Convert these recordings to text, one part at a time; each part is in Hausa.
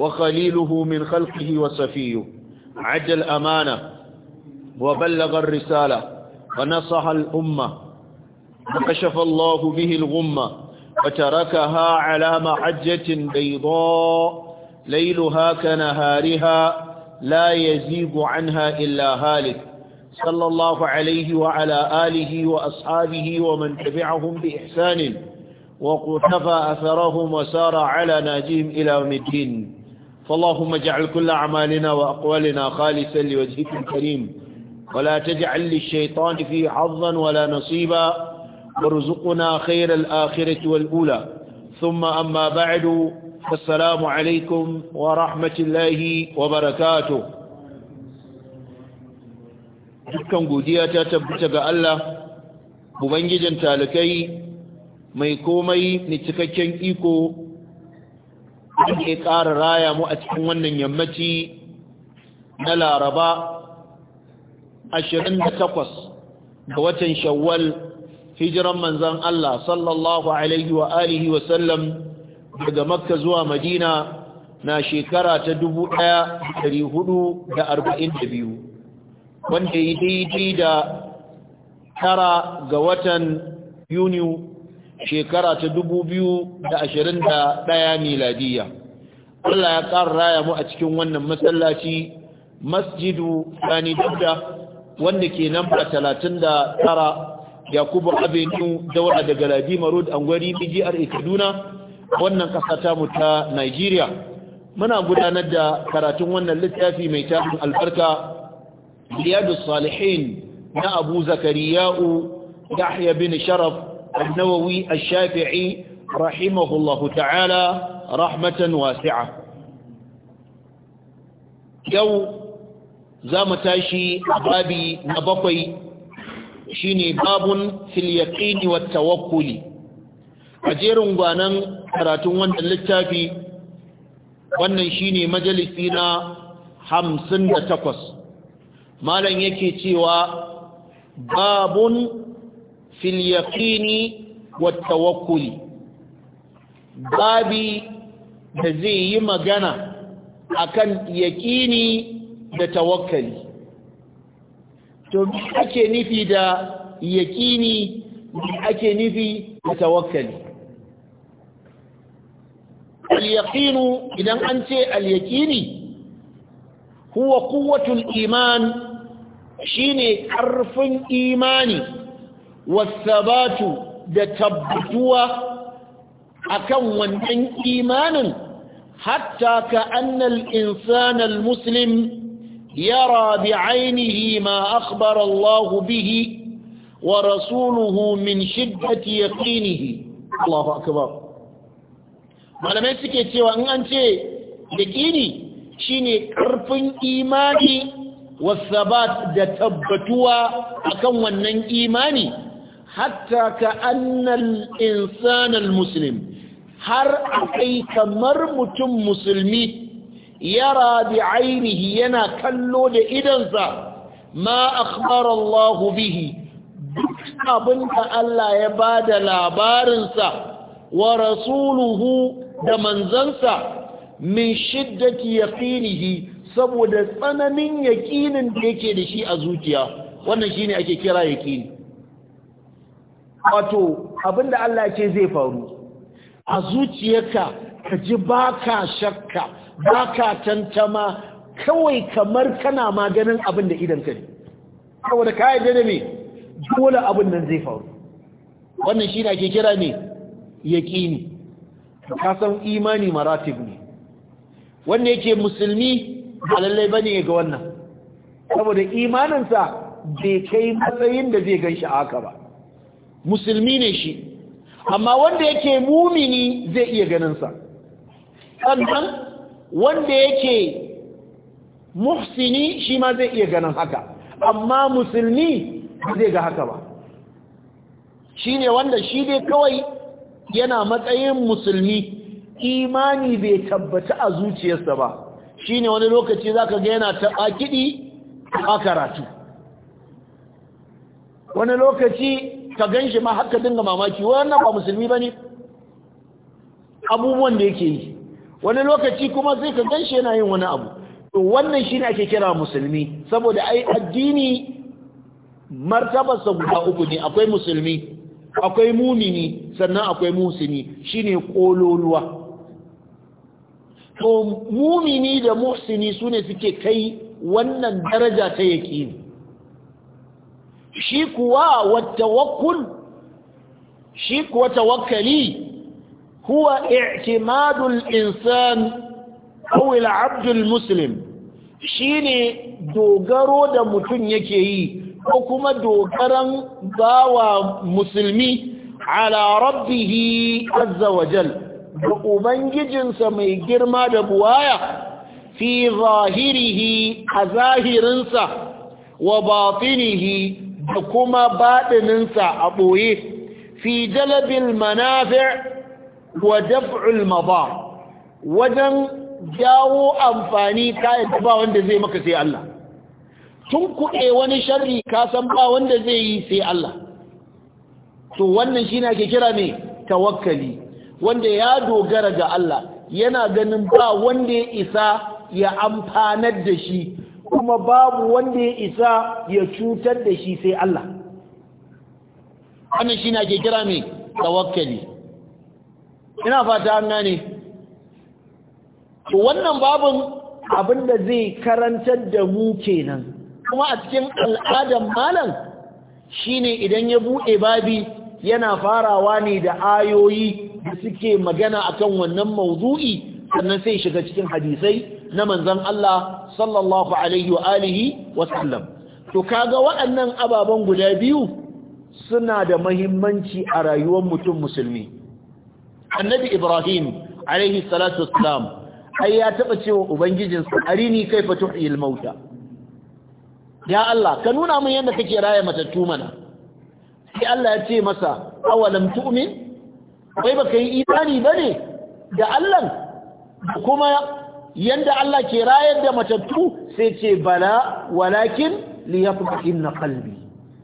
وخليله من خلقه وسفيه عد الأمانة وبلغ الرسالة ونصح الأمة وكشف الله به الغمة وتركها على محجة بيضاء ليلها كنهارها لا يزيب عنها إلا هالك صلى الله عليه وعلى آله وأصحابه ومن تبعهم بإحسان وقتفى أثرهم وسار على ناجهم إلى مدين فاللهم اجعل كل أعمالنا وأقوالنا خالصا لوجهك الكريم ولا تجعل للشيطان فيه حظا ولا نصيبا وارزقنا خير الآخرة والأولى ثم أما بعد فالسلام عليكم ورحمة الله وبركاته dukkan godiya ta tabbata ga Allah ubangijin talakai mai komai ne cikakken iko wanda ƙara raya mu a cikin wannan yammaci na laraba 28 ga watan shawwal hijiran manzan Allah sallallahu alaihi wa alihi wa daga makka zuwa madina na shekara ta 1442 wanda ya daidai da tara ga watan yuniyu shekara ta dubu biyu da ashirin da ɗaya miladiya Allah ya ƙara raya mu a cikin wannan masallaci masjidu sani dabda wanda ke nan ba talatin da tara yakubu da daura daga marud an gwari bgr kaduna wannan ƙasa ta mu ta nigeria muna gudanar da karatun wannan littafi mai tafin albarka riyadu salihin na abu zakariya'u yahya bin sharaf النووي الشافعي رحمه الله تعالى رحمة واسعة يو زامتاشي بابي نبقي شيني باب في اليقين والتوكل أجيرون بانان karatun wannan littafi wannan shine majalisi na hamsin da takwas malam yake cewa babun fil yaqini wat tawakkuli babi da zai yi magana akan yaqini da tawakkali to ake nufi da yaqini ake nufi da tawakkali an ce al yaqini huwa quwwatul iman shine karfin imani. wasabatu da tabbatuwa akan wannan imanin hatta ka annal insanal muslim yara ainihi ma akhbara Allah bihi wa rasuluhu min shiddati yaqinihi Allahu akbar malamai suke cewa in an ce yaqini shine karfin imani wasabat da tabbatuwa akan wannan imani hatta ka annal insanal muslim har akai kamar mutum musulmi yara bi ainihi yana kallo da idansa ma akhbara bihi duk abinda Allah ya bada labarinsa wa rasuluhu da manzansa min shiddati yaqinihi saboda tsananin yaqinin da yake da shi a zuciya wannan shine ake kira yaqini wato abinda Allah ce zai faru a zuciyarka ka ji baka shakka baka tantama kawai kamar kana maganin abin da idan ka ne saboda ka yarda da me dole abin nan zai faru wannan shi ake kira ne yaƙini ka san imani maratib ne wanda yake musulmi ba lallai bane ga wannan saboda imaninsa bai kai matsayin da zai ganshi shi haka ba musulmi ne shi amma wanda yake mumini zai iya ganinsa sannan wanda yake muhsini shi ma zai iya ganin haka amma musulmi zai ga haka ba shi ne wanda shi dai kawai yana matsayin musulmi imani bai tabbata a zuciyarsa ba shi ne wani lokaci za ka ga yana taɓa a karatu wani lokaci ka gan shi ma haka dinga mamaki wannan ba musulmi ba ne abubuwan da yake yi wani lokaci kuma zai ka gan shi yana yin wani abu wannan shi ne ake kira musulmi saboda ai addini martabarsa guda uku ne akwai musulmi akwai mumini sannan akwai musini shine kololuwa to mumini da musini sune suke kai wannan daraja ta yaqini shi kuwa wattawakkul shi kuwa tawakkali huwa i'timadul insan aw al muslim shine dogaro da mutum yake yi ko kuma dogaran bawa musulmi ala rabbihi azza wa jal da ubangijinsa mai girma da buwaya fi zahirihi a zahirinsa wa batinihi da kuma baɗininsa a ɓoye fi jalabin manafi' wa daf'ul madar wajen jawo amfani kayan ba wanda zai maka sai Allah tun kuɗe wani sharri ka san ba wanda zai yi sai Allah to wannan shi ake kira ne tawakkali wanda ya dogara ga Allah yana ganin ba wanda ya isa ya amfanar da shi kuma babu wanda ya isa ya cutar da shi sai Allah wannan shi na ke kira mai tawakkali ina fata an gane wannan babin abinda zai karantar da mu kenan kuma a cikin al'adar malam shine idan ya buɗe babi yana farawa ne da ayoyi da suke magana akan wannan mauzu'i sannan sai shiga cikin hadisai na manzon Allah sallallahu alaihi wa alihi wa to kaga waɗannan ababen guda biyu suna da mahimmanci a rayuwar mutum musulmi annabi Ibrahim alaihi salatu wassalam ai ya taba cewa ubangijinsa arini kaifa tuhyil mauta ya Allah ka nuna min yadda kake raya matattu mana sai Allah ya ce masa awalam tu'min kai baka yi imani bane da Allah kuma yanda Allah ke rayar da matattu sai ce bala walakin liyatma'inna qalbi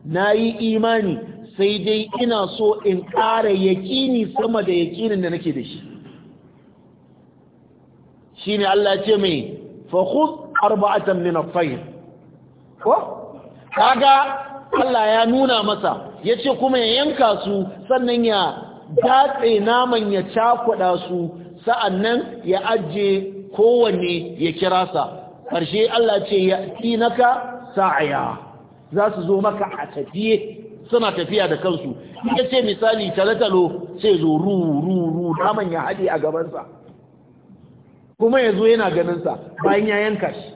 nayi imani sai dai ina so in ƙara yaƙini sama da yaƙinin da nake da shi shine Allah ce mai fa arba'atan min at-tayr ko kaga Allah ya nuna masa yace kuma ya yanka su sannan ya datse naman ya cakuɗa su sa'annan ya ajiye kowanne ya kira sa ƙarshe Allah ce ya tinaka sa'aya za su zo maka a tafiye suna tafiya da kansu ya ce misali talatalo sai zo ru ru ru daman ya haɗe a gabansa kuma ya zo yana ganinsa bayan ya yanka shi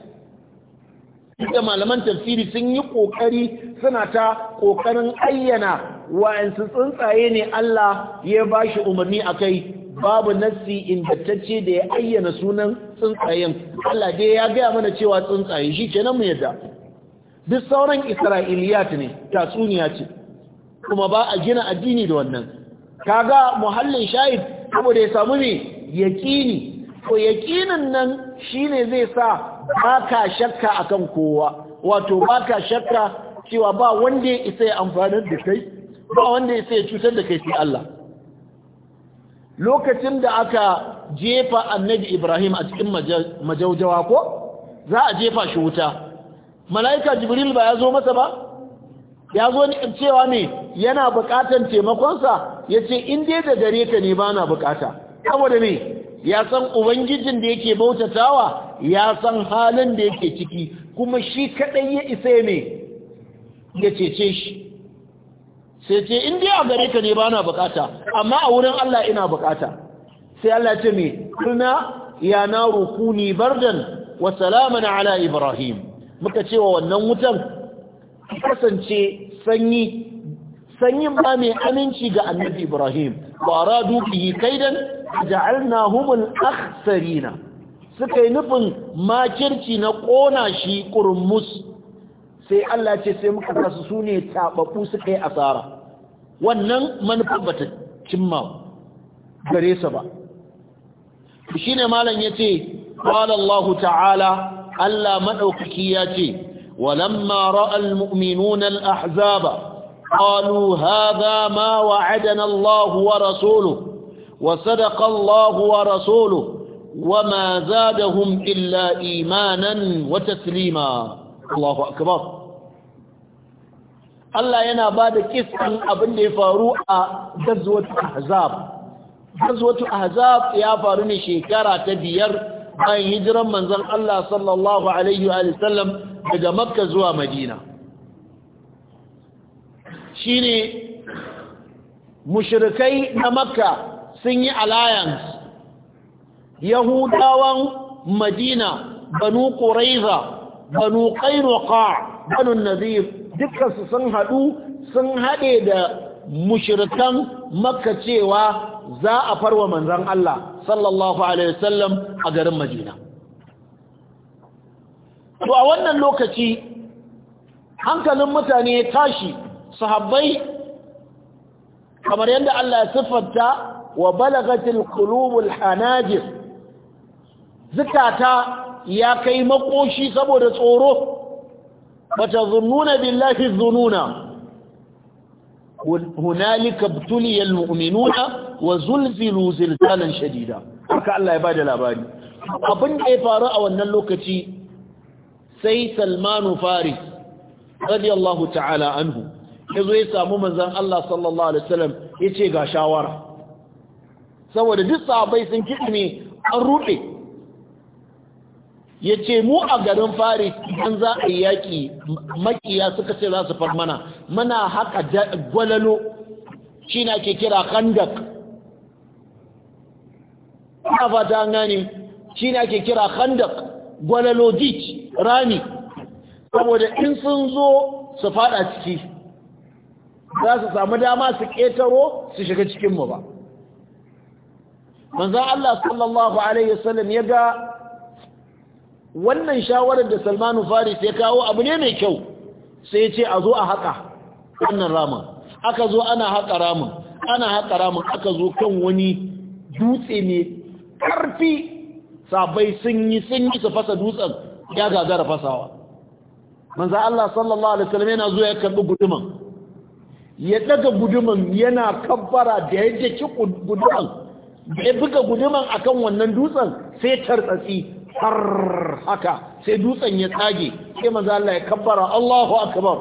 da malaman tafsiri sun yi ƙoƙari suna ta ƙoƙarin ayyana wa'ansu tsuntsaye ne Allah ya bashi umarni a kai babu nassi ingantacce da ya ayyana sunan tsuntsayen Allah dai ya gaya mana cewa tsuntsaye shi kenan mu yadda duk sauran isra'iliyat ne tatsuniya ce kuma ba a gina addini da wannan kaga muhallin shahid saboda ya samu ne yaqini ko yaqinin nan shine zai sa baka shakka akan kowa wato baka shakka cewa ba wanda ya isa ya amfana da kai ba wanda ya isa ya cutar da kai sai Allah lokacin da aka jefa annabi ibrahim a cikin majaujawa ko za a jefa shi wuta mala'ika jibril ba ya zo masa ba ya zo cewa ne yana bukatan taimakonsa ya ce in dai da gare ka ne ba na bukata saboda ne ya san ubangijin da yake bautatawa ya san halin da yake ciki kuma shi kadai ya isa ne ya cece shi sai ce in dai a gare ka ne bana bukata amma a wurin Allah ina bukata sai Allah ce me kulna ya naru kuni bardan wa salaman ala ibrahim muka cewa wannan wutan kasance sanyi sanyin ba mai aminci ga annabi ibrahim ba radu bihi kaidan ja'alnahum al-akhsarina suka yi nufin makirci na kona shi kurmus sai Allah ce sai muka rasu su ne taɓaɓu suka yi asara wannan manufar bata cimma gare sa ba shine malam yace qala Allah ta'ala Allah madaukaki yace walamma ra'a almu'minuna alahzaba قالوا هذا ما وعدنا الله ورسوله rasulu wa ورسوله وما illa imanan إيمانا وتسليما Allahu akbar Allah yana ba da kisan abin da ya faru a gazwatu ahzab gazwatu ahzab ya faru ne shekara ta biyar bayan hijiran manzon Allah sallallahu alaihi wa sallam daga makka zuwa madina shine mushrikai na makka sun yi alliance yahudawan madina banu quraiza banu qainuqa banu nadhir sun hadu sun hade da mushrikan makka cewa za a farwa manzon Allah sallallahu alaihi wasallam a garin Madina to a wannan lokaci hankalin mutane ya tashi sahabbai kamar yadda Allah ya siffanta wa balagatil qulubul hanajir zikata ya kai makoshi saboda tsoro bata zununa billahi zununa hunalika btuliyal mu'minuna wa zulzilu zilzalan shadida haka Allah ya bada labari abin da ya faru a wannan lokaci sai Salmanu Faris radiyallahu ta'ala anhu yazo ya samu manzon Allah sallallahu alaihi wasallam yace ga shawara saboda duk sahabbai sun ne an ruɓe. ya ce mu a garin fari an za a yi yaƙi makiya suka ce za su far mana mana haka gwalalo shi na ke kira khandak ina fata gane shi na ke kira khandak gwalalo dich rami saboda in sun zo su fada ciki za su samu dama su ƙetaro su shiga cikinmu ba manzan Allah sallallahu Alaihi wasallam ya ga wannan shawarar da salmanu faris ya kawo abu ne mai kyau sai ce a zo a haƙa wannan ramin aka zo ana haƙa ramin ana haƙa ramin aka zo kan wani dutse mai ƙarfi sabai sun yi sun yi su fasa dutsen ya gagara fasawa manza Allah sallallahu alaihi wasallam yana zuwa ya karbi guduman ya daga guduman yana kabbara da ya jeki guduman da ya buga guduman akan wannan dutsen sai tartsatsi har haka sai dutsen ya tsage sai maza Allah ya kabbara Allahu akbar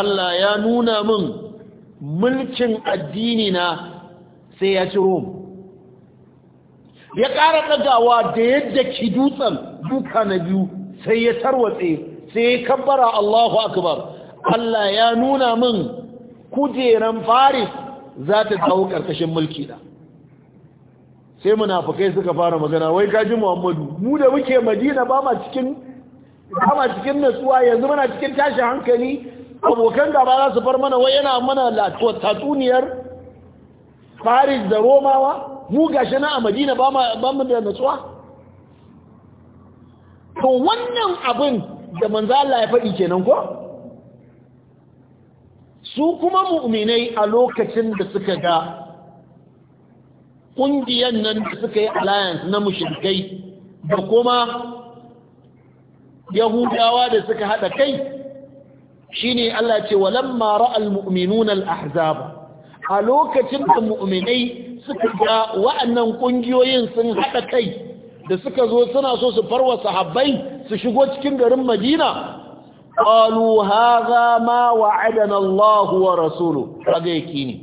Allah ya nuna min mulkin addini na sai ya ci Rome ya ƙara ɗagawa da yadda ki dutsen duka na biyu sai ya tarwatse sai ya kabbara Allahu akbar Allah ya nuna min kujeran Faris za ta dawo ƙarƙashin mulki da sai munafukai suka fara magana wai ji muhammadu mu da muke madina ba ma cikin ba natsuwa yanzu muna cikin tashi hankali abokan gaba za su far mana wai yana mana tatsuniyar faris da romawa mu gashi na a madina ba mu da natsuwa to wannan abin da manzo Allah ya faɗi kenan ko su kuma mu'minai a lokacin da suka ga ƙungiyan nan da suka yi alliance na mushrikai da kuma yahudawa da suka haɗa kai shine Allah ce walamma ra'al mu'minuna al-ahzab a lokacin da mu'minai suka ga wa'annan ƙungiyoyin sun haɗa kai da suka zo suna so su farwa sahabbai su shigo cikin garin Madina qalu hadha ma wa'adana wa rasuluhu kage yake ne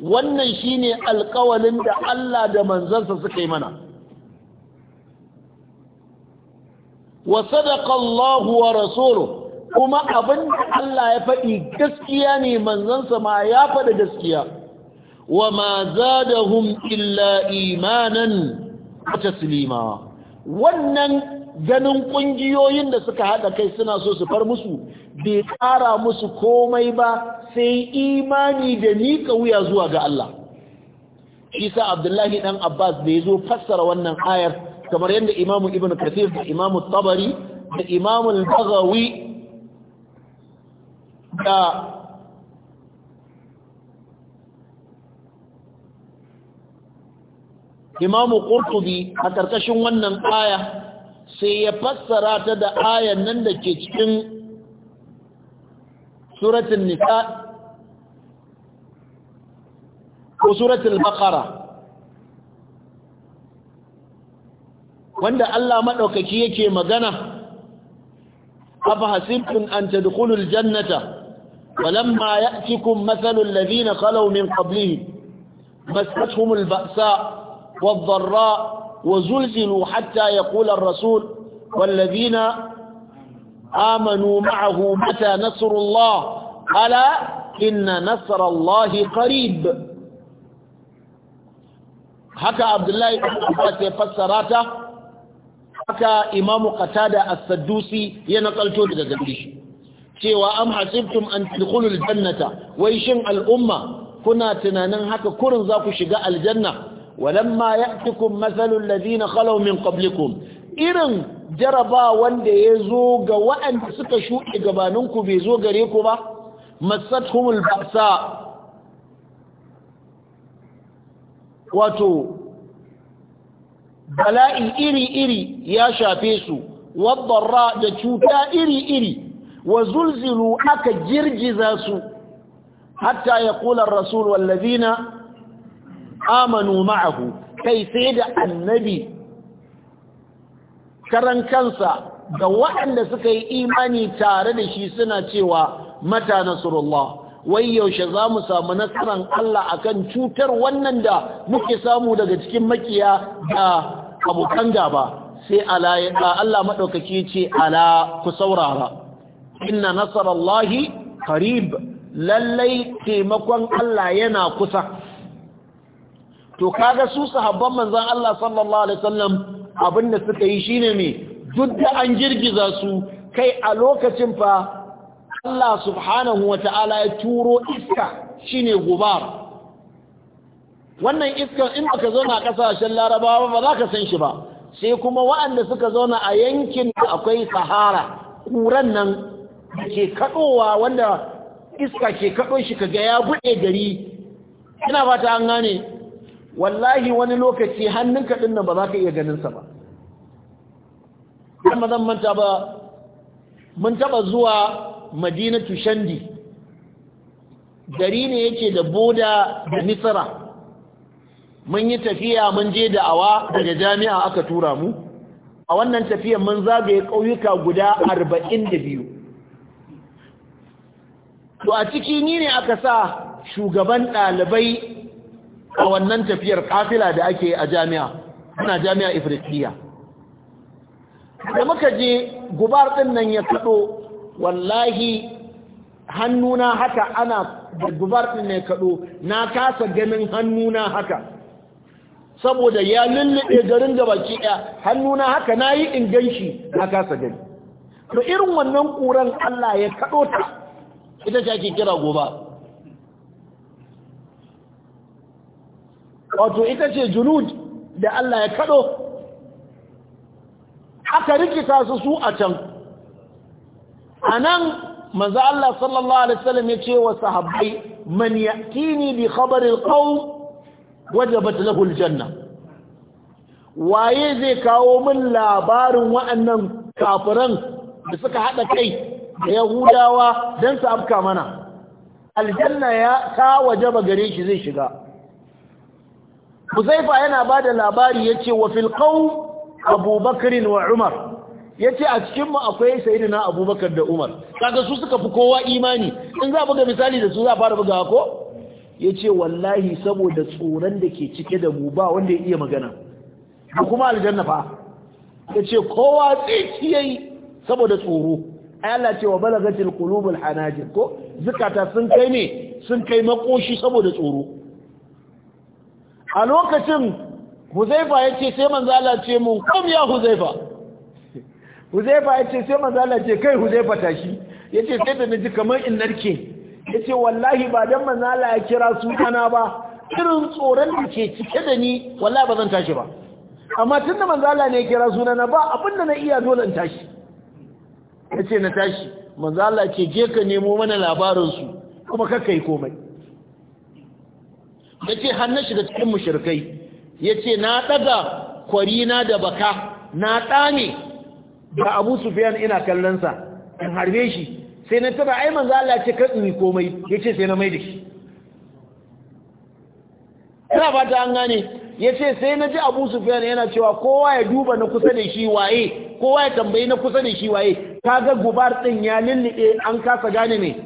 wannan shine alkawalin da Allah da manzansa suka yi mana wa sadaqa wa rasuluhu kuma abin da Allah ya faɗi gaskiya ne manzansa ma ya faɗi gaskiya wa ma zadahum illa imanan wa taslima wannan ganin kungiyoyin da suka hada kai suna so su far musu bai ƙara musu komai ba sai imani da ni wuya zuwa ga Allah isa abdullahi ɗan abbas bai zo fassara wannan ayar kamar yadda imamu ibn kathir da imamu tabari da imamu al da imamu qurtubi a ƙarƙashin wannan aya sai ya fassara ta da ayan nan da ke cikin suratul nisa ko suratul baqara wanda Allah madaukaki yake magana أفحسبتم أن تدخلوا الجنة ولما يأتكم مثل الذين خلوا من قبلهم مستهم البأساء والضراء وزلزلوا حتى يقول الرسول والذين amanu ma'ahu mata nasrullah ala inna nasrallahi qarib haka abdullahi abbas ya fassara ta haka imamu qatada a saddusi ya nakalto daga gare shi cewa an hasibtum an tadkhulul jannata wai shin al'umma kuna tunanin haka kurin za ku shiga aljanna walamma ya'tikum mathalul ladina khalaw min qablikum irin jaraba wanda ya zo ga wa'anda suka shuɗe gabaninku bai zo gare ku ba humul ba'sa wato bala'i iri-iri ya shafe su wadda da cuta iri-iri wa zulzilu aka girgiza su hatta ya kula rasul wallazina amanu ma'ahu kai sai da annabi karan kansa da waɗanda suka yi imani tare da shi suna cewa mata nasrullah wai yaushe za mu samu nasarar Allah akan cutar wannan da muke samu daga cikin makiya da abokan gaba sai Allah maɗaukaki ce ala ku saurara inna nasarallahi qarib lallai taimakon Allah yana kusa to kaga su sahabban manzon Allah sallallahu alaihi wasallam abin da suka yi shine ne duk da an girgiza su kai a lokacin fa Allah subhanahu wa ta'ala ya turo iska shine gubar wannan iska in baka zauna a kasashen larabawa ba za ka san shi ba sai kuma waɗanda suka zauna a yankin da akwai sahara kuran nan ke kaɗowa wanda iska ke kaɗo shi kaga ya buɗe gari ina ba an gane wallahi wani lokaci hannunka ɗin nan ba za ka iya ganinsa ba kuma zan manta ba mun taɓa zuwa madinatu shandi gari ne yake da boda da misira mun yi tafiya mun je da awa daga jami'a aka tura mu a wannan tafiyan mun zagaye ƙauyuka guda arba'in da biyu to a ciki ni ne aka sa shugaban ɗalibai a wannan tafiyar kafila da ake a jami'a muna jami'a ifritiyya da muka je gubar din nan ya kado wallahi hannuna haka ana da gubar din ne kado na kasa ganin hannuna haka saboda ya lullube garin da baki ɗaya hannuna haka na yi inganshi na kasa gani to irin wannan ƙuran Allah ya kaɗo ta ita ce ake kira goba wato ita ce junud da Allah ya kado aka rikita su su a can a nan manzo Allah sallallahu alaihi wasallam ya ce wa sahabbai man ya'tini bi khabari alqawm waye zai kawo min labarin wa'annan kafiran da suka haɗa kai da yahudawa dan su afka mana aljanna ya ta wajaba gare shi zai shiga Huzaifa yana ba da labari ya ce wa filkau Abubakar wa Umar ya ce a cikinmu akwai na abubakar da Umar kaga su suka fi kowa imani in za a buga misali da su za a fara buga ko ya ce wallahi saboda tsoron da ke cike da mu ba wanda ya iya magana da kuma aljanna fa ya ce kowa tsaki yayi saboda tsoro A Allah ce wa balagatil kulubul hanajin ko zukata sun kai ne sun kai makoshi saboda tsoro a lokacin huzaifa ya ce sai Manzala ce mun kam ya huzaifa huzaifa ya ce sai Manzala ce kai huzaifa tashi ya ce sai da naji kamar in narke ya ce wallahi ba don Manzala ya kira sunana ba irin tsoron da ke cike da ni wallahi ba zan tashi ba amma tun da Manzala ne ya kira sunana ba abin da na iya dole in tashi ya ce na tashi Manzala ce je ka nemo mana labarinsu kuma kakkai komai ya ce hannun shiga cikin mushirkai ya ce na ɗaga kwarina da baka na ɗane ga abu sufiyan ina kallonsa in harbe shi sai na tara ai manza Allah ce kan yi komai ya ce sai na mai da shi ina fata an gane ya ce sai na ji abu sufiyan yana cewa kowa ya duba na kusa da shi waye kowa ya tambayi na kusa da shi waye ga gubar ɗin ya lulluɓe an kasa gane mai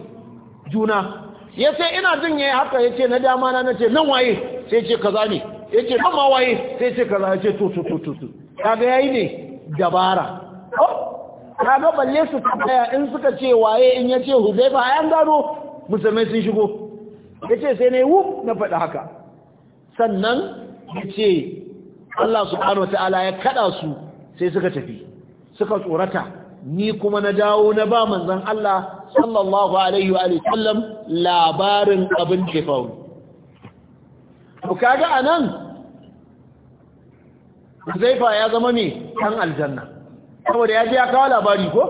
juna ya ce ina jin yayi haka ya ce na dama na ce nan waye sai ce kaza ne ya ce nan waye sai ce kaza ya ce tututututu to ya yi yayi ne dabara oh, kaga balle su baya in suka ce waye in ya ce huzaifa ayan gano musulmai sun shigo ya ce sai na yi wuf na faɗi haka sannan ya ce Allah su ta'ala ya kaɗa su sai suka tafi suka tsorata ni kuma na dawo na ba manzon Allah sallallahu alaihi wa labarin abin da faru to anan Zaifa ya zama ne kan aljanna saboda ya ji ya kawo labari ko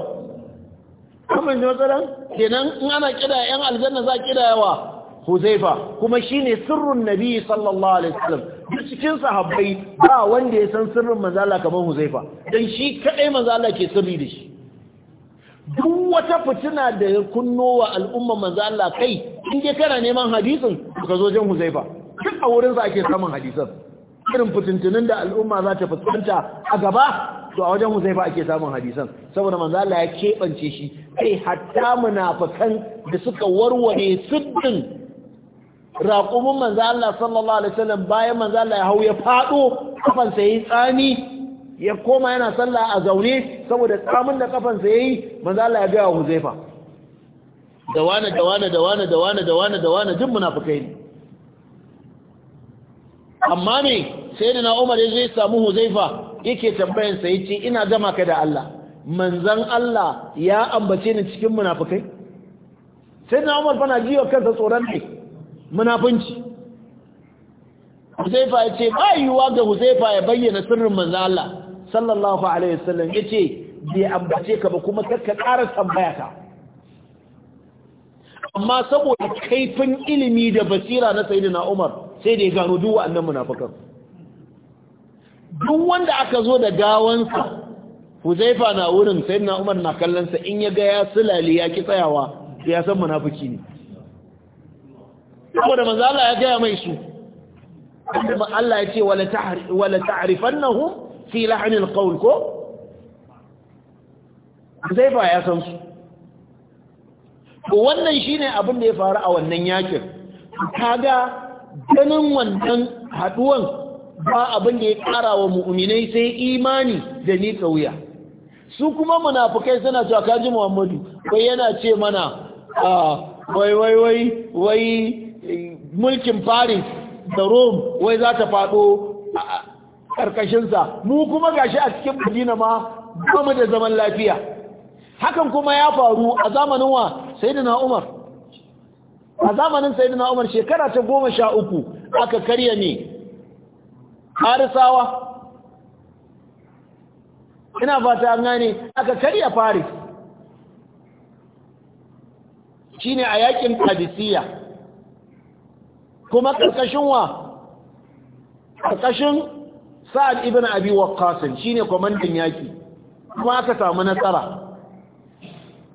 kuma ne matsalan kenan in ana kida yan aljanna za kida yawa Huzaifa kuma shine sirrin Nabi sallallahu alaihi wasallam duk cikin sahabbai ba wanda ya san sirrin Manzala kamar Huzaifa don shi kadai Manzala ke sirri da shi duk wata fitina da ya kunno wa al'umma manzo Allah kai in dai kana neman hadisin ka zo jin Huzaifa duk a wurin sa ake samun hadisan irin fitintunin da al'umma za ta fuskanta a gaba to a wajen Huzaifa ake samun hadisan saboda manzo Allah ya kebance shi kai hatta munafikan da suka warware siddin raƙumin manzo Allah sallallahu alaihi wasallam bayan manzo Allah ya hau ya fado kafan yayi tsani ya koma yana sallah a zaune saboda tsamin da kafansa yayi manzo Allah ya ga Huzaifa da wane da wane da wane da wane da wane da wane duk munafikai ne amma ne na Umar ya je samu Huzaifa yake tambayan sa yace ina gama ka da Allah manzon Allah ya ambace ni cikin munafikai sayyidina Umar fana jiwa kansa tsoron ne munafinci Huzaifa ya ce ba yiwuwa ga Huzaifa ya bayyana sirrin manzon Allah sallallahu alaihi wasallam yace bai ambace ka ba kuma kakka ƙara tambaya ka amma saboda kaifin ilimi da basira na sayyidina Umar sai da ya gano duk wa'annan munafikan duk wanda aka zo da gawansa Huzaifa na wurin sayyidina Umar na kallon sa in ya ga ya sulali ya ki tsayawa ya san munafiki ne saboda manzo Allah ya ga mai su kuma Allah ya ce wala ta'rifannahum fi lahanin qaul ko zai ba ya san su wannan shine abin da ya faru a wannan yakin kaga ganin wannan haduwan ba abin da ya kara wa mu'minai sai imani da ni kauya su kuma munafikai suna cewa kaji Muhammadu wai yana ce mana ah, wai wai wai wai mulkin Paris da Rome wai za ta fado ƙarƙashinsa mu kuma gashi a cikin madina ma ba mu da zaman lafiya hakan kuma ya faru a zamanin wa sayyidina umar a zamanin sayyidina umar shekara ta goma sha uku aka karya ne harisawa ina fata an gane aka karya faris shine a yakin kadisiya kuma ƙarƙashin wa ƙarƙashin sa'ad ibn abi shi ne kwamandan yaki kuma aka samu nasara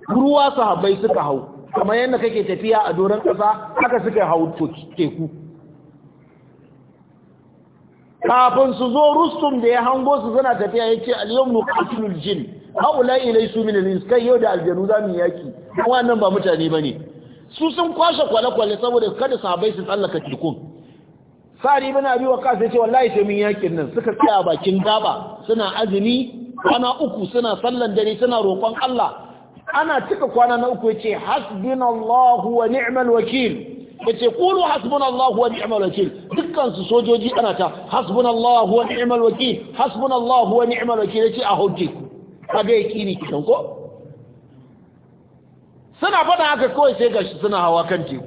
ruwa sahabbai suka hau kamar yadda kake tafiya a doron ƙasa haka suka hau teku kafin su zo rustum da ya hango su suna tafiya ya ce aliyu nukatunul jin haula ilai su min kai yau da aljanu za mu yaki nan ba mutane ba ne su sun kwashe kwale-kwale saboda kada sahabbai su tsallaka tekun sa'ad ibn abi waqas yace wallahi sai mun yakin nan suka tsaya bakin gaba suna azumi kwana uku suna sallan dare suna roƙon Allah ana cika kwana na uku yace hasbunallahu wa ni'mal wakil yace qulu hasbunallahu wa ni'mal wakil dukkan su sojoji ana ta hasbunallahu wa ni'mal wakil hasbunallahu wa ni'mal wakil yace a hujji kaga yakini kidan ko suna faɗa haka kawai sai gashi suna hawa kan teku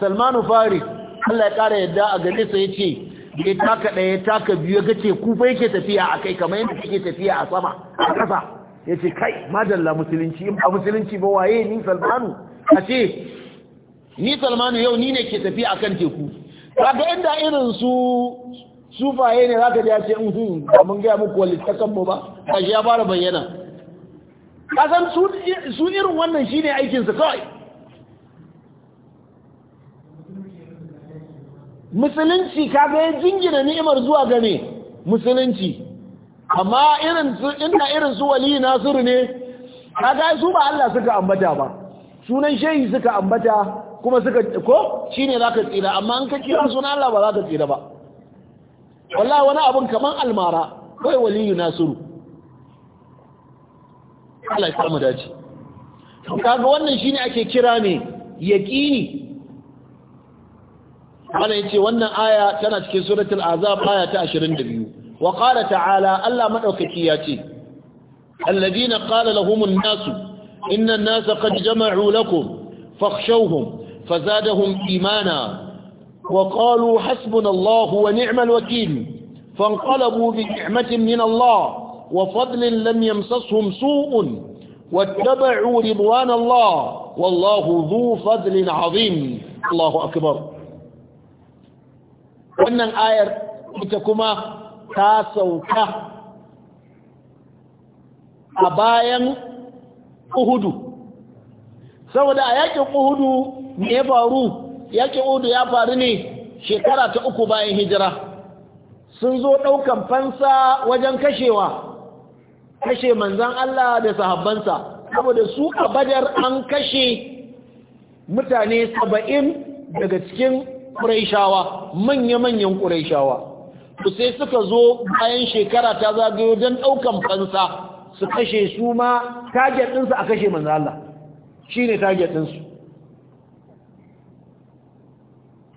salmanu faris Allah ya kara yadda a gare sa yace ya taka daya taka biyu ya ce ku fa yake tafiya a kai kamar yadda kike tafiya a sama a ƙasa yace kai madalla musulunci ba musulunci ba waye ni salmanu a ce ni salmanu yau ni ne ke tafiya a kan teku kaga inda irin su sufaye ne zaka ji ya ce ba mun gaya muku takan mu ba kashi ya fara bayyana kasan su irin wannan shine aikinsa kawai musulunci kaga ya jingina ni'imar zuwa gane musulunci amma irin su inda irin su wali nasiru ne kaga su ba Allah suka ambata ba sunan shehi suka ambata kuma suka ko shine zaka tsira amma an ka kira sunan Allah ba zaka tsira ba wallahi wani abun kaman almara kai wali nasiru Allah ya samu dace kaga wannan shine ake kira ne yaqini ana yace wannan aya tana cikin suratul azab aya ta 22 wa qala ta'ala Allah madaukaki ya ce alladina qala lahumun nas inna an nas qad jama'u lakum fakhshawhum fazadahum imana wa qalu hasbunallahu wa ni'mal wakeel fanqalabu bi ni'matin min Allah wa fadlin lam yamsashum su'un واتبعوا رضوان الله والله ذو فضل عظيم الله أكبر wannan ayar ita kuma ta sauka a bayan uhudu saboda a yakin uhudu ne ya faru yakin uhudu ya faru ne shekara ta uku bayan hijira sun zo ɗaukan fansa wajen kashewa kashe manzan Allah da sahabbansa saboda su a badar an kashe mutane saba'in daga cikin ƙuraishawa manya-manyan ƙuraishawa sai suka zo bayan shekara ta zagayo don ɗaukan fansa su kashe su ma target ɗinsu a kashe manzo Allah shi ne target ɗinsu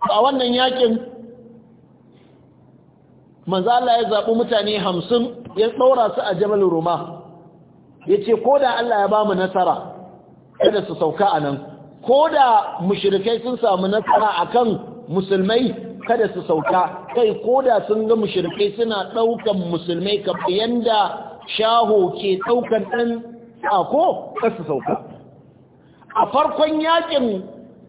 a wannan yakin manzo ya zaɓi mutane hamsin ya ɗaura su a Jamal roma ya ce ko da Allah ya ba mu nasara kada su sauka a nan ko da mushirikai sun samu nasara akan musulmai kada su sauka kai koda sun ga mushirkai suna ɗaukan musulmai kamar yanda shaho ke ɗaukan ɗan tsako kada su sauka a farkon yakin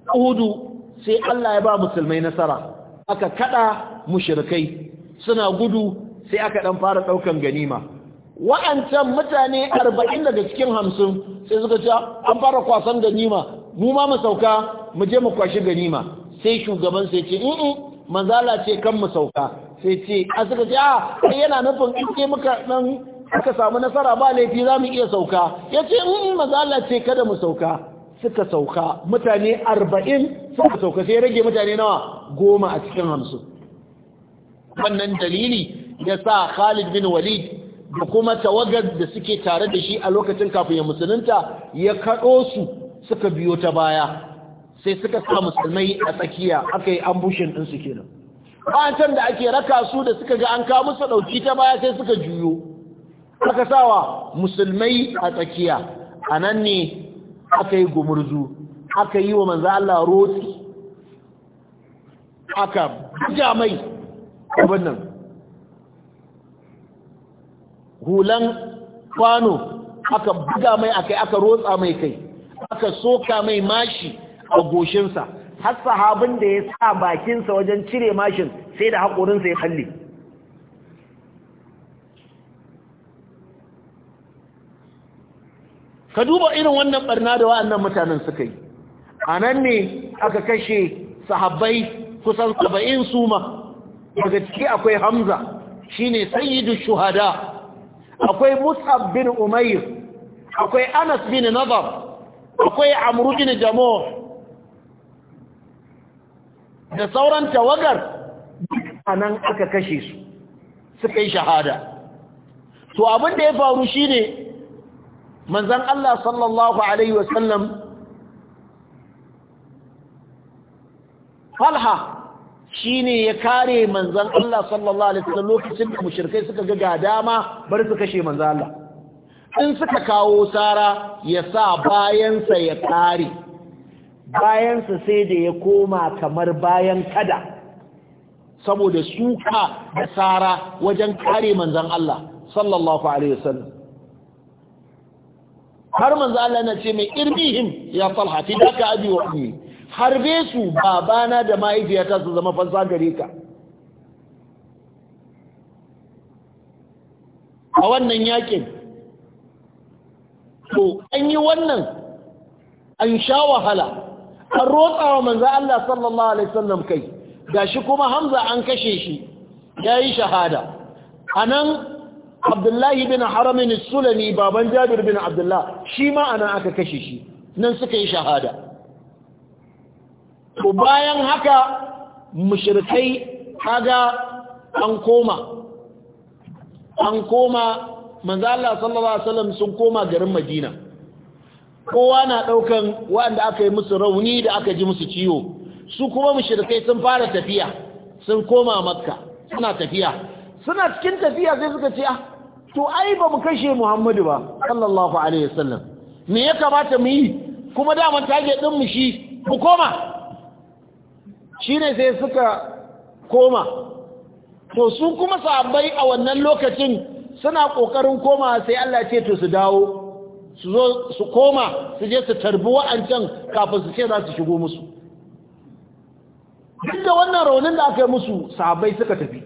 Uhudu sai Allah ya ba musulmai nasara aka kada mushirkai suna gudu sai aka ɗan fara ɗaukan ganima wa'ancan mutane 40 daga cikin 50 sai suka ce an fara kwasan ganima mu ma mu sauka mu je mu kwashi ganima sai shugaban sai ce in manzala ce kan mu sauka sai ce a suka ce a ah, yana nufin in ke muka dan aka samu nasara ba laifi za mu iya sauka ya ce in manzala ce kada mu sauka suka sauka mutane arba'in suka sauka sai rage mutane nawa goma a cikin hamsin wannan dalili ya sa khalid bin walid da kuma tawagar da suke tare da shi a lokacin kafin ya musulunta ya kaɗo su suka biyo ta baya sai suka sa musulmai a tsakiya aka yi ambushin ɗinsu kenan bayan da ake raka su da suka ga an kawo musu ɗauki ta baya sai suka juyo aka sawa musulmai a tsakiya a nan ne aka yi gumurzu aka yi wa manzo Allah roti aka buga mai wannan hulan kwano aka buga mai akai aka rotsa mai kai aka soka mai mashi a goshinsa har sahabin da ya sa bakinsa wajen cire mashin sai da haƙorinsa ya kalli. ka duba irin wannan barna da wa'annan mutanen suka yi a nan ne aka kashe sahabbai kusan saba'in suma daga ciki akwai hamza shine sayyidu shuhada akwai mus'ab bin umair akwai anas bin nazar akwai amru bin jamuh da sauran tawagar a nan aka kashe su suka yi shahada to abin da ya faru shine manzan Allah sallallahu alaihi wasallam falha shi ne ya kare manzan Allah sallallahu alaihi wasallam lokacin da mushrikai suka ga ga dama bari su kashe manzan Allah in suka kawo sara ya sa bayansa ya kare bayansa sai da ya koma kamar bayan kada saboda suka da tsara wajen kare manzan Allah sallallahu alaihi wasallam har manzo Allah na ce mai irbihim ya salha, fi daka abi wa ummi harbe su babana da mahaifiyata su zama fansa gare ka a wannan yakin to an yi wannan an sha wahala an rotsa wa manzo Allah sallallahu alaihi wasallam kai gashi kuma Hamza an kashe shi yayi shahada anan Abdullahi bin Haram sulami baban Jabir bin Abdullah shi ma nan aka kashe shi nan suka yi shahada bayan haka mushrikai kaga an koma an koma manzo Allah sallallahu alaihi wasallam sun koma garin Madina kowa na ɗaukan waɗanda aka yi musu rauni da aka ji musu ciwo su kuma mushrikai sun fara tafiya sun koma makka suna tafiya suna cikin tafiya sai suka ce ah, to ai ba mu kashe muhammadu ba sallallahu alaihi wasallam me ya kamata mu yi kuma da tage din mu shi mu koma shine sai suka koma to su kuma sahabbai a wannan lokacin suna ƙoƙarin koma sai Allah ce to su dawo su zo su koma su je su tarbi wa'ancan kafin su ce za su shigo musu duk da wannan raunin da aka yi musu sahabbai suka tafi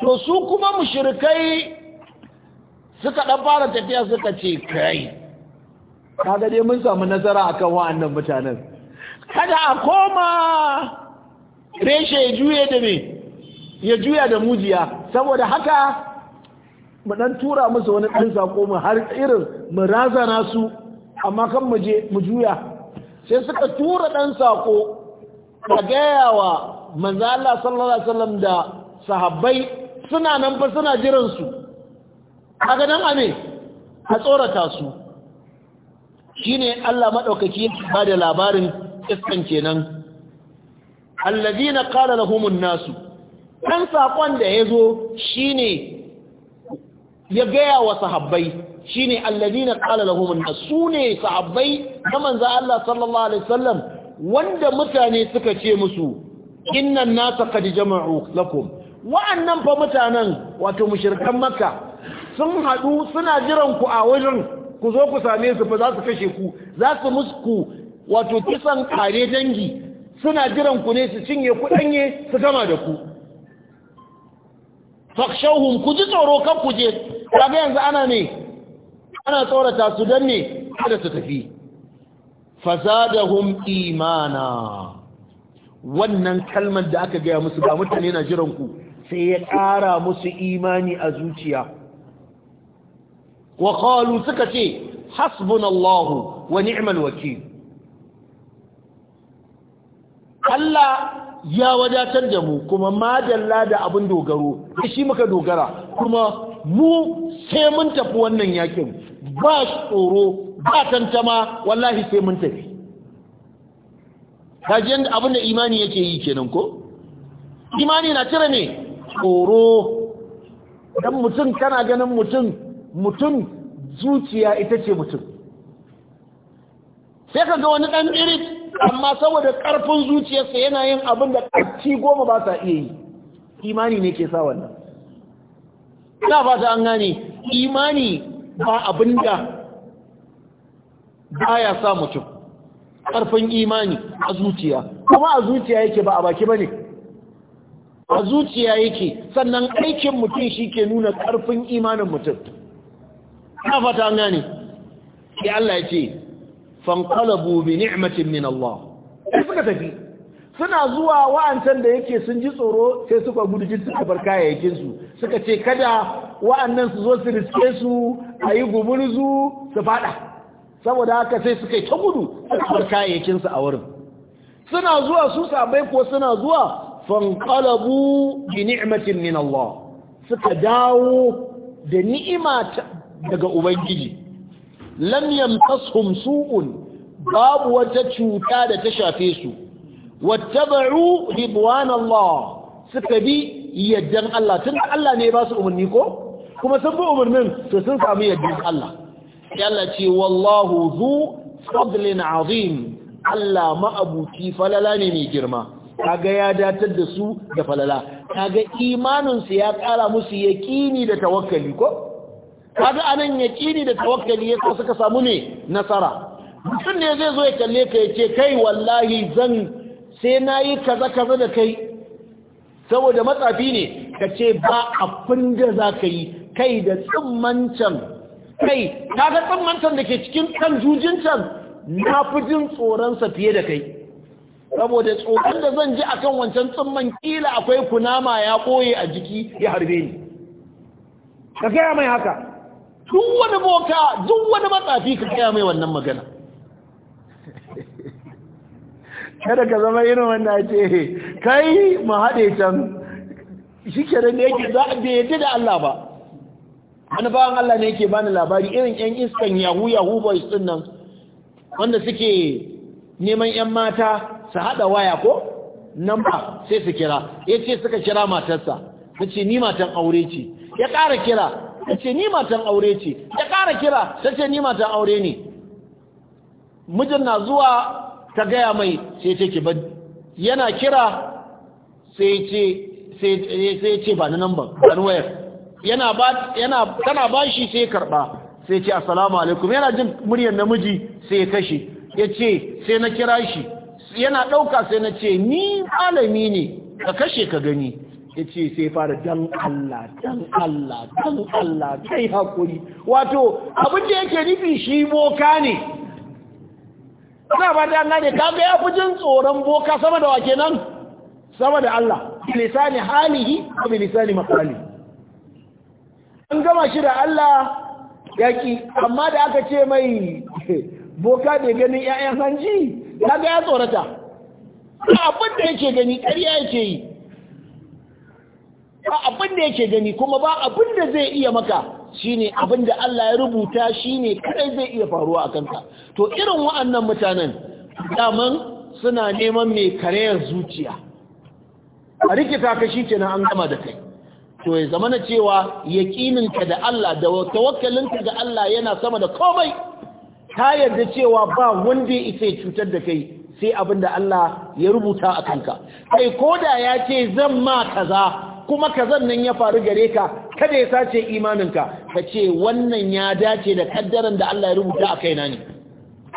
to su kuma mushrikai suka ɗan fara tafiya suka ce kai kaga dai mun samu nazara akan wa'annan mutanen kada a koma reshe ya juye da me ya juya da mujiya saboda haka mu dan tura musu wani ɗan sako mu har irin mu razana su amma kan mu je mu juya sai suka tura ɗan sako da gaya wa manzo Allah sallallahu alaihi wasallam da sahabbai suna nan fa suna jiran su kaga a ame a tsorata su shine Allah madaukaki ba da labarin iskan kenan alladina qala lahumun nasu dan sakon da yazo shine ya gaya wa sahabbai Shi ne shine alladina qala lahum Su ne sahabbai na manza Allah sallallahu alaihi wasallam wanda mutane suka ce musu innan nasa kadi jama'u lakum wa'annan fa mutanen wato mushrikan maka sun haɗu suna jiran ku a wajen ku zo ku same su fa za su kashe ku za su musku wato kisan kare dangi suna jiran ku ne su cinye ku danye su gama da ku fakshauhum ku ji tsoro kan ku je kaga yanzu ana ne ana tsorata su dan ne kada su tafi fasadahum imana wannan kalmar da aka gaya musu ga mutane na jiranku sai ya ƙara musu imani a zuciya wa suka ce hasbunallahu wa ni'mal wakil Allah ya wadatar da mu kuma madalla da abin dogaro shi muka dogara kuma mu sai mun tafi wannan yakin ba tsoro ba tantama wallahi sai mun tafi kaji yadda abin da imani yake yi kenan ko imani na cire ne tsoro dan mutum kana ganin mutum mutum zuciya ita ce mutum sai ka ga wani ɗan irit amma saboda ƙarfin zuciyarsa yana yin abin da ƙarfi goma ba sa iya yi imani ne ke sa wannan na ba ta an gane imani ba abin da ba ya sa mutum ƙarfin imani a zuciya kuma a zuciya yake ba a baki ba ne a zuciya yake sannan aikin mutum shi ke nuna ƙarfin imanin mutum na fata an gane Ya Allah ya ce fankalabu bi ni'matin min Allah ya suka tafi suna zuwa wa'ancan da yake sun ji tsoro sai suka gudu jinsu suka bar su suka ce kada wa'annan su zo su riske su a yi gumurzu su fada saboda haka sai suka yi ta gudu kamar kayayyakinsu a wurin suna zuwa su sabai ko suna zuwa Fankalabu bi ni'matin min Allah suka dawo da ni'ima daga ubangiji lam yamtashum su'un babu wata cuta da ta shafe su wattaba'u ridwan Allah suka bi yaddan Allah tun Allah ne ba su umarni ko kuma sun bi umarnin to sun samu yaddan Allah yalla ce wallahu zu fadlin azim Allah ma'abuci falala ne mai girma kaga ya datar da su da falala kaga imanin su ya kara musu yaqini da tawakkali ko kaga anan yaqini da tawakkali yasa suka samu ne nasara mutum ne zai zo ya kalle ka ya ce kai wallahi zan sai nayi kaza kaza da kai saboda matsafi ne ka ce ba abin da za ka yi kai da tsimmancan kai ka ga tsimmancan da ke cikin kan jujincan na fi jin tsoronsa fiye da kai saboda tsoron da zan ji kan wancan tsimman kila akwai kunama ya koye a jiki ya harbe ni ka gaya mai haka duk wani boka duk wani matsafi ka gaya mai wannan magana kada ka zama irin wannan ce kai mu haɗe can shi kenan ne yake za a yadda da Allah ba wani bawan Allah ne yake bani labari irin yan iskan yahu yahu boys din nan wanda suke neman yan mata su haɗa waya ko nan ba sai su kira ya ce suka kira matarsa ta ce ni matan aure ce ya ƙara kira ta ce ni matan aure ce ya ƙara kira ta ce ni matan aure ne mijin na zuwa ta gaya mai sai ta yana kira sai eh, ce ba na namban ɗan wayar yana tana ba shi sai ya karɓa sai ce assalamu alaikum yana jin muryar namiji sai ya kashe ya ce sai na kira shi yana ɗauka sai na ce ni alami ne ka kashe ka gani ya ce sai fara dan Allah dan Allah dan Allah kai hakuri wato abin da yake nufi shi boka ne ina ba da Allah ne kaga ya fi jin tsoron boka sama da wake nan. Sama da Allah bilisani halihi ko bilisani makali an gama shi da Allah yaki amma da aka ce mai boka da ganin ƴaƴan hanji kaga ya tsorata abin da yake gani ƙarya yake yi ba abin da yake gani kuma ba abin da zai iya maka shine abin da Allah ya rubuta shine kadai zai iya faruwa a kanka to irin wa'annan mutanen daman suna neman mai karayar zuciya a rikita ka shi na an gama da kai to ya zama na cewa yaƙininka da Allah da tawakkalinka ga Allah yana sama da komai Ta yadda cewa ba wanda ya cutar da kai sai abin da Allah ya rubuta a kanka kai da ya ce zan ma kaza kuma kazan nan ya faru gare ka kada ya sace imaninka ka ce wannan ya dace da kaddaran da Allah ya rubuta a kaina ne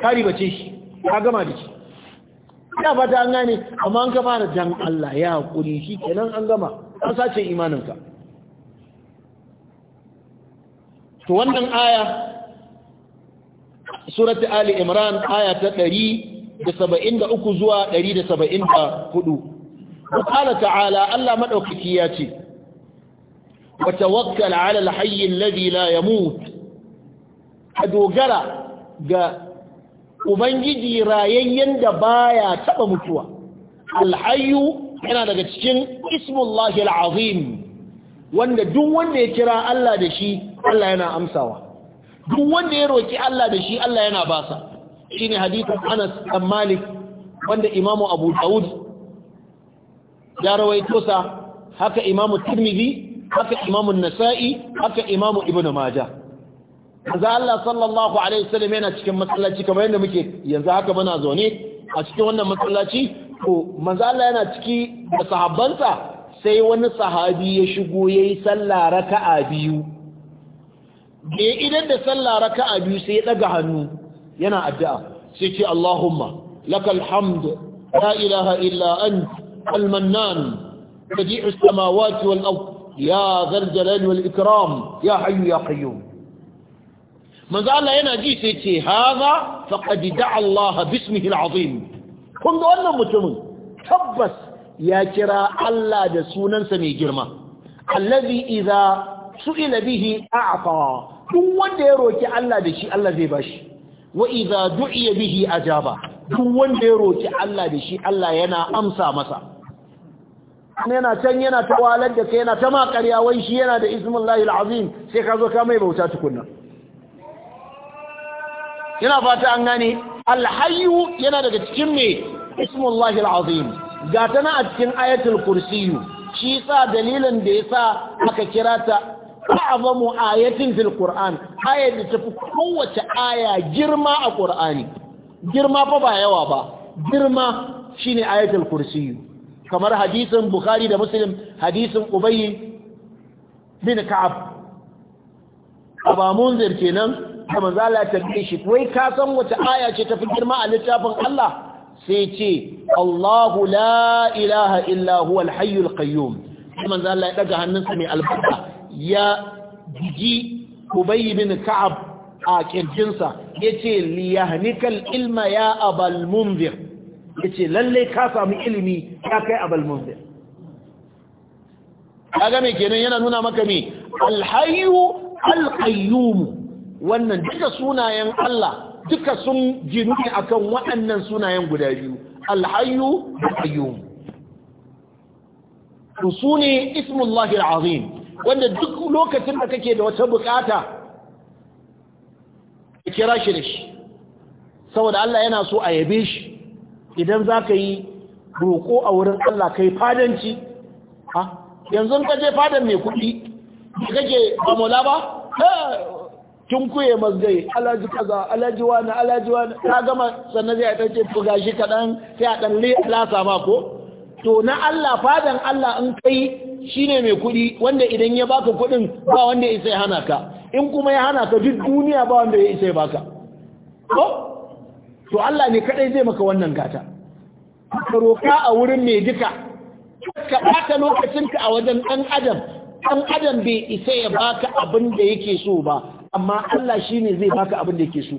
kari bace shi ka gama da shi ya fata an gane amma an gama da dan Allah ya haƙuri shi kenan an gama an sace imaninka to wannan aya surat ali imran aya ta 173 zuwa 174 qala ta'ala Allah madaukaki ya ce wa tawakkal 'ala alhayy alladhi la yamut adogara ga ubangiji rayayyen da baya taba mutuwa alhayyu yana daga cikin ismullahi alazim wanda duk wanda ya kira Allah da shi Allah yana amsawa duk wanda ya roƙi Allah da shi Allah yana basa shine hadithin Anas ɗan Malik wanda imam'u Abu Dawud ya rawaito sa haka imam'u Tirmidhi haka imam'u nasai haka imam'u Ibn Majah manzo Allah sallallahu alaihi wasallam yana cikin matsalaci kamar yadda muke yanzu haka muna zaune a cikin wannan matsalaci to manzo Allah yana ciki da sahabbansa sai wani sahabi ya shigo yayi sallah raka'a biyu da idan da sallah raka'a biyu sai ya daga hannu yana addu'a sai ce Allahumma lakal hamd la ilaha illa ant al-mannan badi'us samawati wal ard ya dhal jalali wal ikram ya hayyu ya qayyum manzo Allah yana ji sai ce haza faqad da'a Allah bismihi al kun ga wannan mutumin tabbas ya kira Allah da sunansa mai girma allazi idza su'ila bihi a'ta duk wanda ya roki Allah da shi Allah zai bashi wa idza du'iya bihi ajaba duk wanda ya roki Allah da shi Allah yana amsa masa yana can yana tawalar da kai yana ta ma wai shi yana da ismullahi al sai ka zo ka mai bauta tukunna yana fata an gane alhayyu yana daga cikin me ismullahi alazim ga ta na a cikin ayatul kursiyu shi sa dalilin da ya sa aka kira ta a'zamu ayatin fil qur'an ayat da tafi kowace aya girma a qur'ani girma fa ba yawa ba girma shine ayatul kursiyu kamar hadisin bukhari da muslim hadisin ubayy bin ka'ab aba munzir kenan da manzo Allah ya shi wai ka san wace aya ce tafi girma a littafin Allah sai ce Allahu la ilaha illa huwa al-hayyul qayyum sai ya daga hannunsa mai albarka ya jiji Ubay bin Ka'ab a kirjinsa yace liyahnikal ilma ya abal munzir yace lalle ka samu ilimi ya kai abal munzir kaga me kenan yana nuna maka me al-hayyu al-qayyum wannan duka sunayen Allah duka sun jinu ne akan waɗannan sunayen guda biyu alhayu da qayyum su ne ismullahi alazim wanda duk lokacin da kake da wata bukata ka kira shi da shi saboda Allah yana so a yabe shi idan za ka yi roƙo a wurin Allah kai fadanci yanzu ka je fadan mai kuɗi da kake ba mula ba eh, tun kuye mazgai alaji kaza alaji wani alaji wani ta gama sannan zai ta ce to gashi kaɗan sai a ɗan lasa ma ko to na Allah fadan Allah in kai shi ne mai kuɗi wanda idan ya baka kuɗin ba wanda ya isa ya hana ka in kuma ya hana ka duk duniya ba wanda ya isa ya baka ko to Allah ne kaɗai zai maka wannan gata ka roƙa a wurin mai duka ka ɓata lokacinka a wajen ɗan adam ɗan adam bai isa ya baka abin da yake so ba amma Allah shi ne zai baka abin da yake so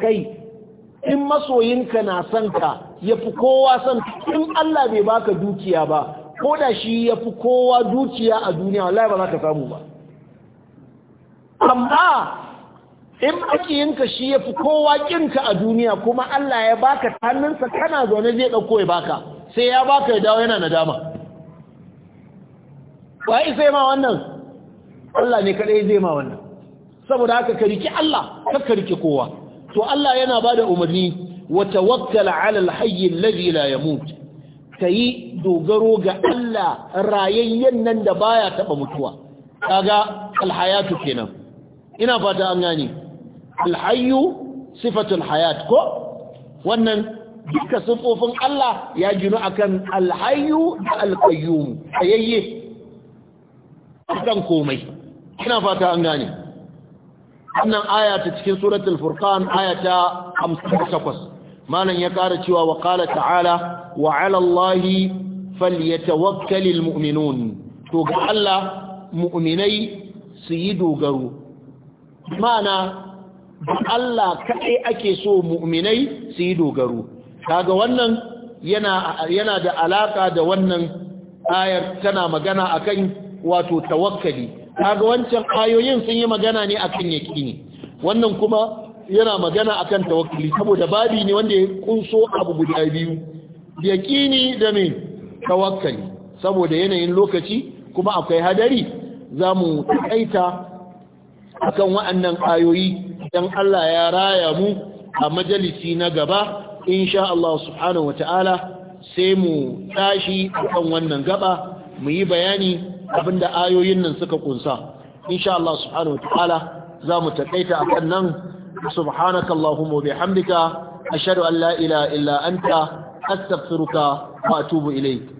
kai in masoyinka na son ka ya fi kowa son in Allah bai baka dukiya ba ko da shi ya fi kowa dukiya a duniya wallahi ba za ka samu ba amma in makiyinka shi ya fi kowa kinka a duniya kuma Allah ya baka hannunsa kana zaune zai ɗauko ya baka sai ya baka ya dawo yana nadama wa isa ma wannan Allah ne kaɗai zai ma wannan saboda haka ka riki Allah kar ka riki kowa to Allah yana bada umarni wa tawakkala ala alhayy alladhi la yamut kai dogaro ga Allah rayayyen nan da baya taba mutuwa kaga alhayatu kenan ina fata an gane alhayyu sifatul ko wannan duka sifofin Allah ya ginu akan alhayu da alqayyum ayyaye kan komai ina fata an gane wannan aya ta cikin suratul furqan aya ta 58 malan ya ƙara cewa wa qala ta'ala wa 'ala allahi falyatawakkalul mu'minun to ga Allah mu'minai su yi dogaro mana Allah kai ake so mu'minai su yi dogaro kaga wannan yana yana da alaka da wannan ayar tana magana akan wato tawakkali kaga wancan ayoyin sun yi magana ne akan yakini wannan kuma yana magana akan tawakkali saboda babi ne wanda ya kunso abu guda biyu yakini da me tawakkali saboda yanayin lokaci kuma akwai hadari zamu mu taƙaita akan waɗannan ayoyi dan Allah ya raya mu a majalisi na gaba insha Allah subhanahu wataala sai mu tashi akan wannan gaba mu yi bayani abinda ayoyin nan suka kunsa insha Allah subhanahu wa ta'ala za mu takaita akan nan subhanaka allahumma bihamdika ashhadu an la ilaha illa anta astaghfiruka wa atubu ilayk